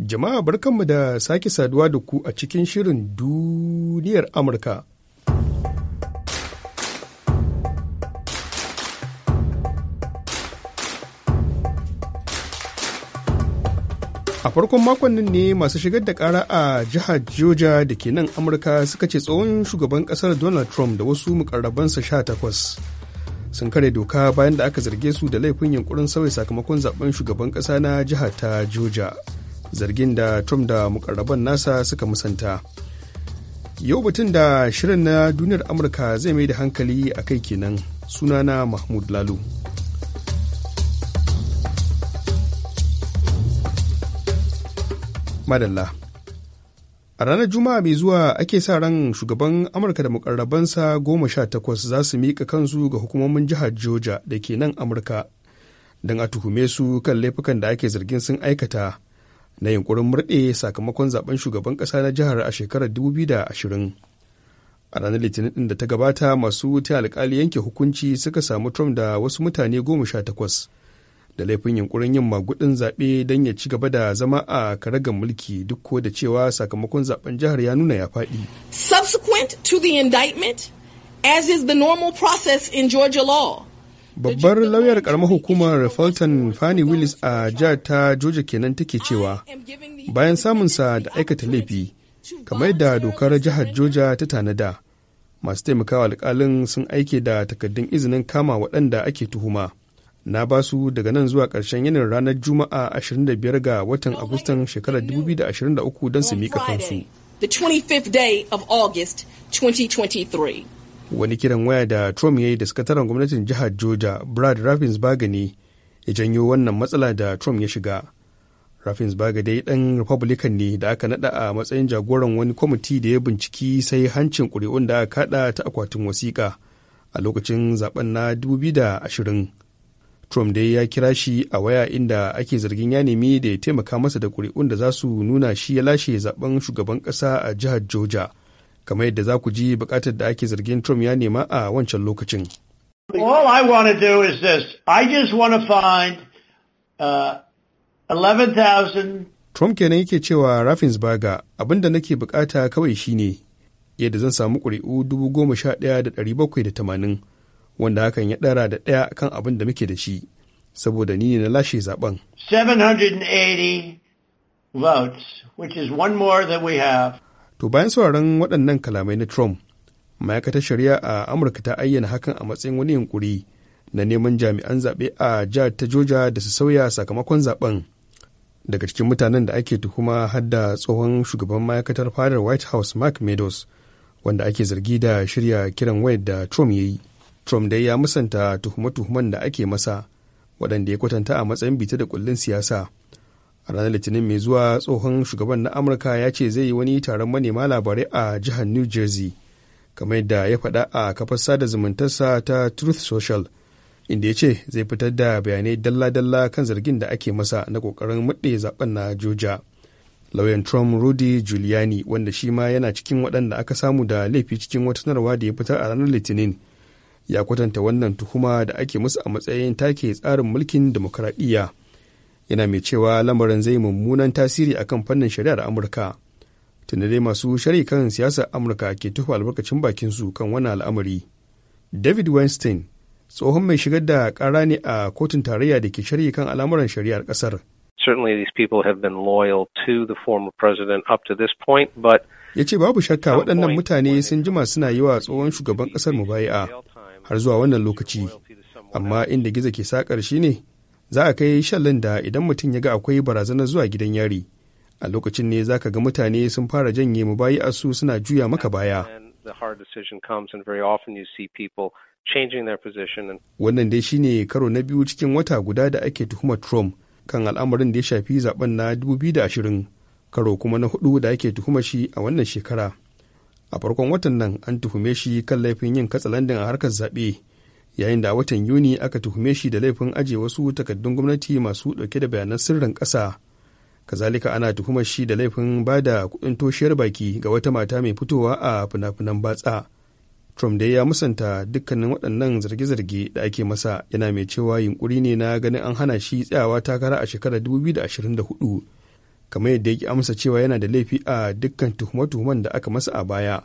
Jama'a barkanmu da sake saduwa da ku a cikin shirin duniyar Amurka. A farkon makon nan ne masu shigar da kara a jihar Georgia da ke nan Amurka suka ce tsohon shugaban kasar Donald Trump da wasu mukarrabansa takwas. sun kare doka bayan da aka zarge su da laifin yunkurin sauya sakamakon zaben shugaban kasa na jihar ta Georgia. zargin da trump da mukarraban nasa suka musanta yau batun da shirin na duniyar amurka zai mai da hankali a kai kenan sunana mahmud lalu madalla a ranar juma'a mai zuwa ake sa ran shugaban amurka da mukarrabansa goma sha takwas za su miƙa kansu ga hukumomin jihar georgia da ke nan amurka don a tuhume su kan laifukan da ake zargin sun aikata na yunkurin murɗe sakamakon zaben shugaban ƙasa na jihar a shekarar 2020 a ranar litinin din da ta gabata masu wuta alkali yanke hukunci suka samu trump da wasu mutane goma sha takwas da laifin yunkurin yin magudin zaɓe don ya ci gaba da zama a karagar mulki duk ko da cewa sakamakon zaben jihar ya nuna ya faɗi. subsequent to the indictment as is the normal process in georgia law babbar lauyar karamar hukumar fulton fanny willis a jihar ta georgia kenan take cewa bayan samun sa da aikata laifi kamar da dokar jihar georgia ta tanada masu taimakawa alkalin sun aike da takaddun izinin kama waɗanda ake tuhuma na ba su daga nan zuwa ƙarshen yanin ranar juma'a 25 ga watan agustan shekarar 2023 don su mika kansu. 25th of August 2023. wani kiran waya da trump ya yi da sakataren gwamnatin jihar georgia brad raffins ne ya janyo wannan matsala da trump ya shiga raffins dai dan republican ne da aka nada a matsayin jagoran wani kwamiti da ya binciki sai hancin ƙuri'un da aka kada ta akwatin wasiƙa a lokacin zaben na 2020 trump dai ya kira shi a waya inda ake zargin ya nemi da ya taimaka masa da ƙuri'un da za su nuna shi ya lashe zaben shugaban ƙasa a jihar georgia kamar yadda za ku ji bukatar da ake zargin Trump ya nema a wancan lokacin. All I want to do is this. I just want to find uh, 11,000 Trump kenan yake cewa Raffensperger abin da nake bukata kawai shine yadda zan samu ƙuri'u 11,780 wanda hakan ya ɗara da ɗaya kan abin da muke da shi saboda ni ne na lashe zaben. 780 votes, which is one more than we have. To bayan sauraron waɗannan kalamai na Trump, ma'aikatar shari'a a Amurka ta ayyana hakan a matsayin wani yunkuri na neman jami'an zaɓe a jihar ta Georgia da su sauya sakamakon zaɓen. Daga cikin mutanen da ake tuhuma har da tsohon shugaban ma'aikatar fadar White House Mark Meadows, wanda ake zargi da shirya kiran wayar da Trump ya yi. Trump dai ya musanta tuhume-tuhumen da ake masa, waɗanda ya kwatanta a matsayin bita da kullun siyasa, a ranar litinin mai zuwa tsohon shugaban na amurka ya ce zai yi wani taron manema labarai a jihar new jersey kamar yadda ya faɗa a kafar sada zumuntarsa ta truth social inda ya ce zai fitar da bayanai dalla-dalla kan zargin da ake masa na kokarin muɗe zaben na joja lauyan trump rudy giuliani wanda shi ma yana cikin waɗanda aka samu da laifi cikin wata sanarwa da ya fitar a ranar litinin ya kwatanta wannan tuhuma da ake musu a matsayin take tsarin mulkin demokuraɗiyya. yana mai cewa lamarin zai mummunan tasiri akan fannin shari'ar amurka tunda dai masu shari'a kan siyasar amurka ke tuhu albarkacin bakin su kan wannan al'amari david weinstein tsohon mai shigar da kara ne a kotun tarayya da ke shari'a kan al'amuran shari'ar kasar certainly these people have been loyal to the former president up to this point but ya ce babu shakka waɗannan mutane sun jima suna yi wa tsohon shugaban ƙasar bayi'a har zuwa wannan lokaci amma inda gizo ke sa shi ne za a kai shallin da idan mutum ya ga akwai barazanar zuwa gidan yari a lokacin ne za ka ga mutane sun fara janye mu bayi a su suna juya maka baya wannan dai shine karo na biyu cikin wata guda da ake tuhuma trump kan al'amarin da ya shafi zaben na 2020 karo kuma na hudu da ake tuhuma shi a wannan shekara a farkon watan nan an tuhume shi kan laifin yin katsalandin a harkar zaɓe yayin da watan yuni aka tuhume shi da laifin aje wasu takaddun gwamnati masu dauke da bayanan sirrin ƙasa kazalika ana tuhumar shi da laifin bada da kuɗin toshiyar baki ga wata mata mai fitowa a fina-finan batsa trump dai ya musanta dukkanin waɗannan zarge-zarge da ake masa yana mai cewa yunkuri ne na ganin an hana shi tsayawa takara a shekarar 2024 kamar yadda ya ki amsa cewa yana da laifi a dukkan tuhume tuhuman da aka masa a baya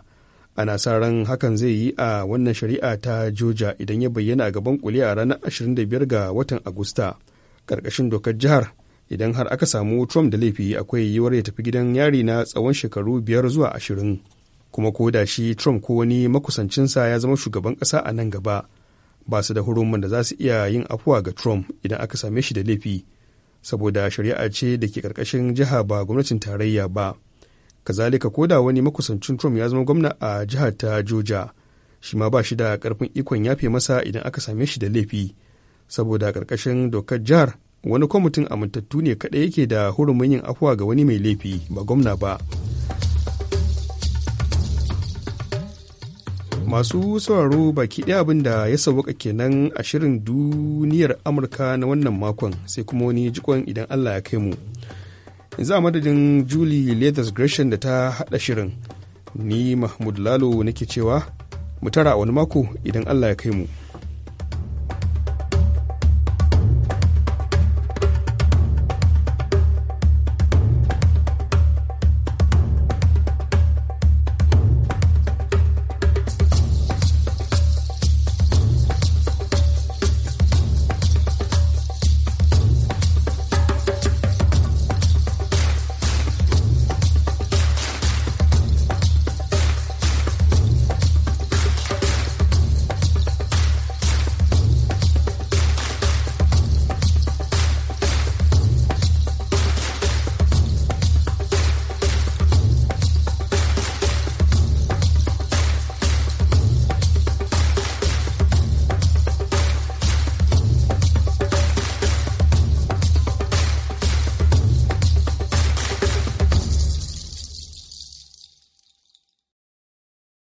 ana sa ran hakan zai yi a wannan shari'a ta joja idan ya bayyana a gaban kuliya a ranar 25 ga watan agusta ƙarƙashin dokar jihar idan har aka samu trump da laifi akwai yiwuwar ya tafi gidan yari na tsawon shekaru biyar zuwa ashirin kuma ko da shi trump ko wani makusancinsa ya zama shugaban ƙasa a nan gaba ba su da hurumin da za su iya yin afuwa ga trump idan aka same shi da laifi saboda shari'a ce da ke ƙarƙashin jiha ba gwamnatin tarayya ba kazalika ko da wani makusancin trump ya zama gwamna a jihar ta georgia shi ma ba shi da karfin ikon yafe masa idan aka same shi da laifi saboda karkashin dokar jihar wani kwamitin amintattu ne kaɗai yake da hurumin yin afuwa ga wani mai laifi ba gwamna ba masu sauraro baki ɗaya abin da ya sauka kenan a shirin duniyar amurka na wannan makon sai kuma wani jikon idan allah ya kai mu za a madadin julie leathers gresham da ta haɗa shirin ni mahmud lalo nake cewa mu tara a wani mako idan allah ya kai mu.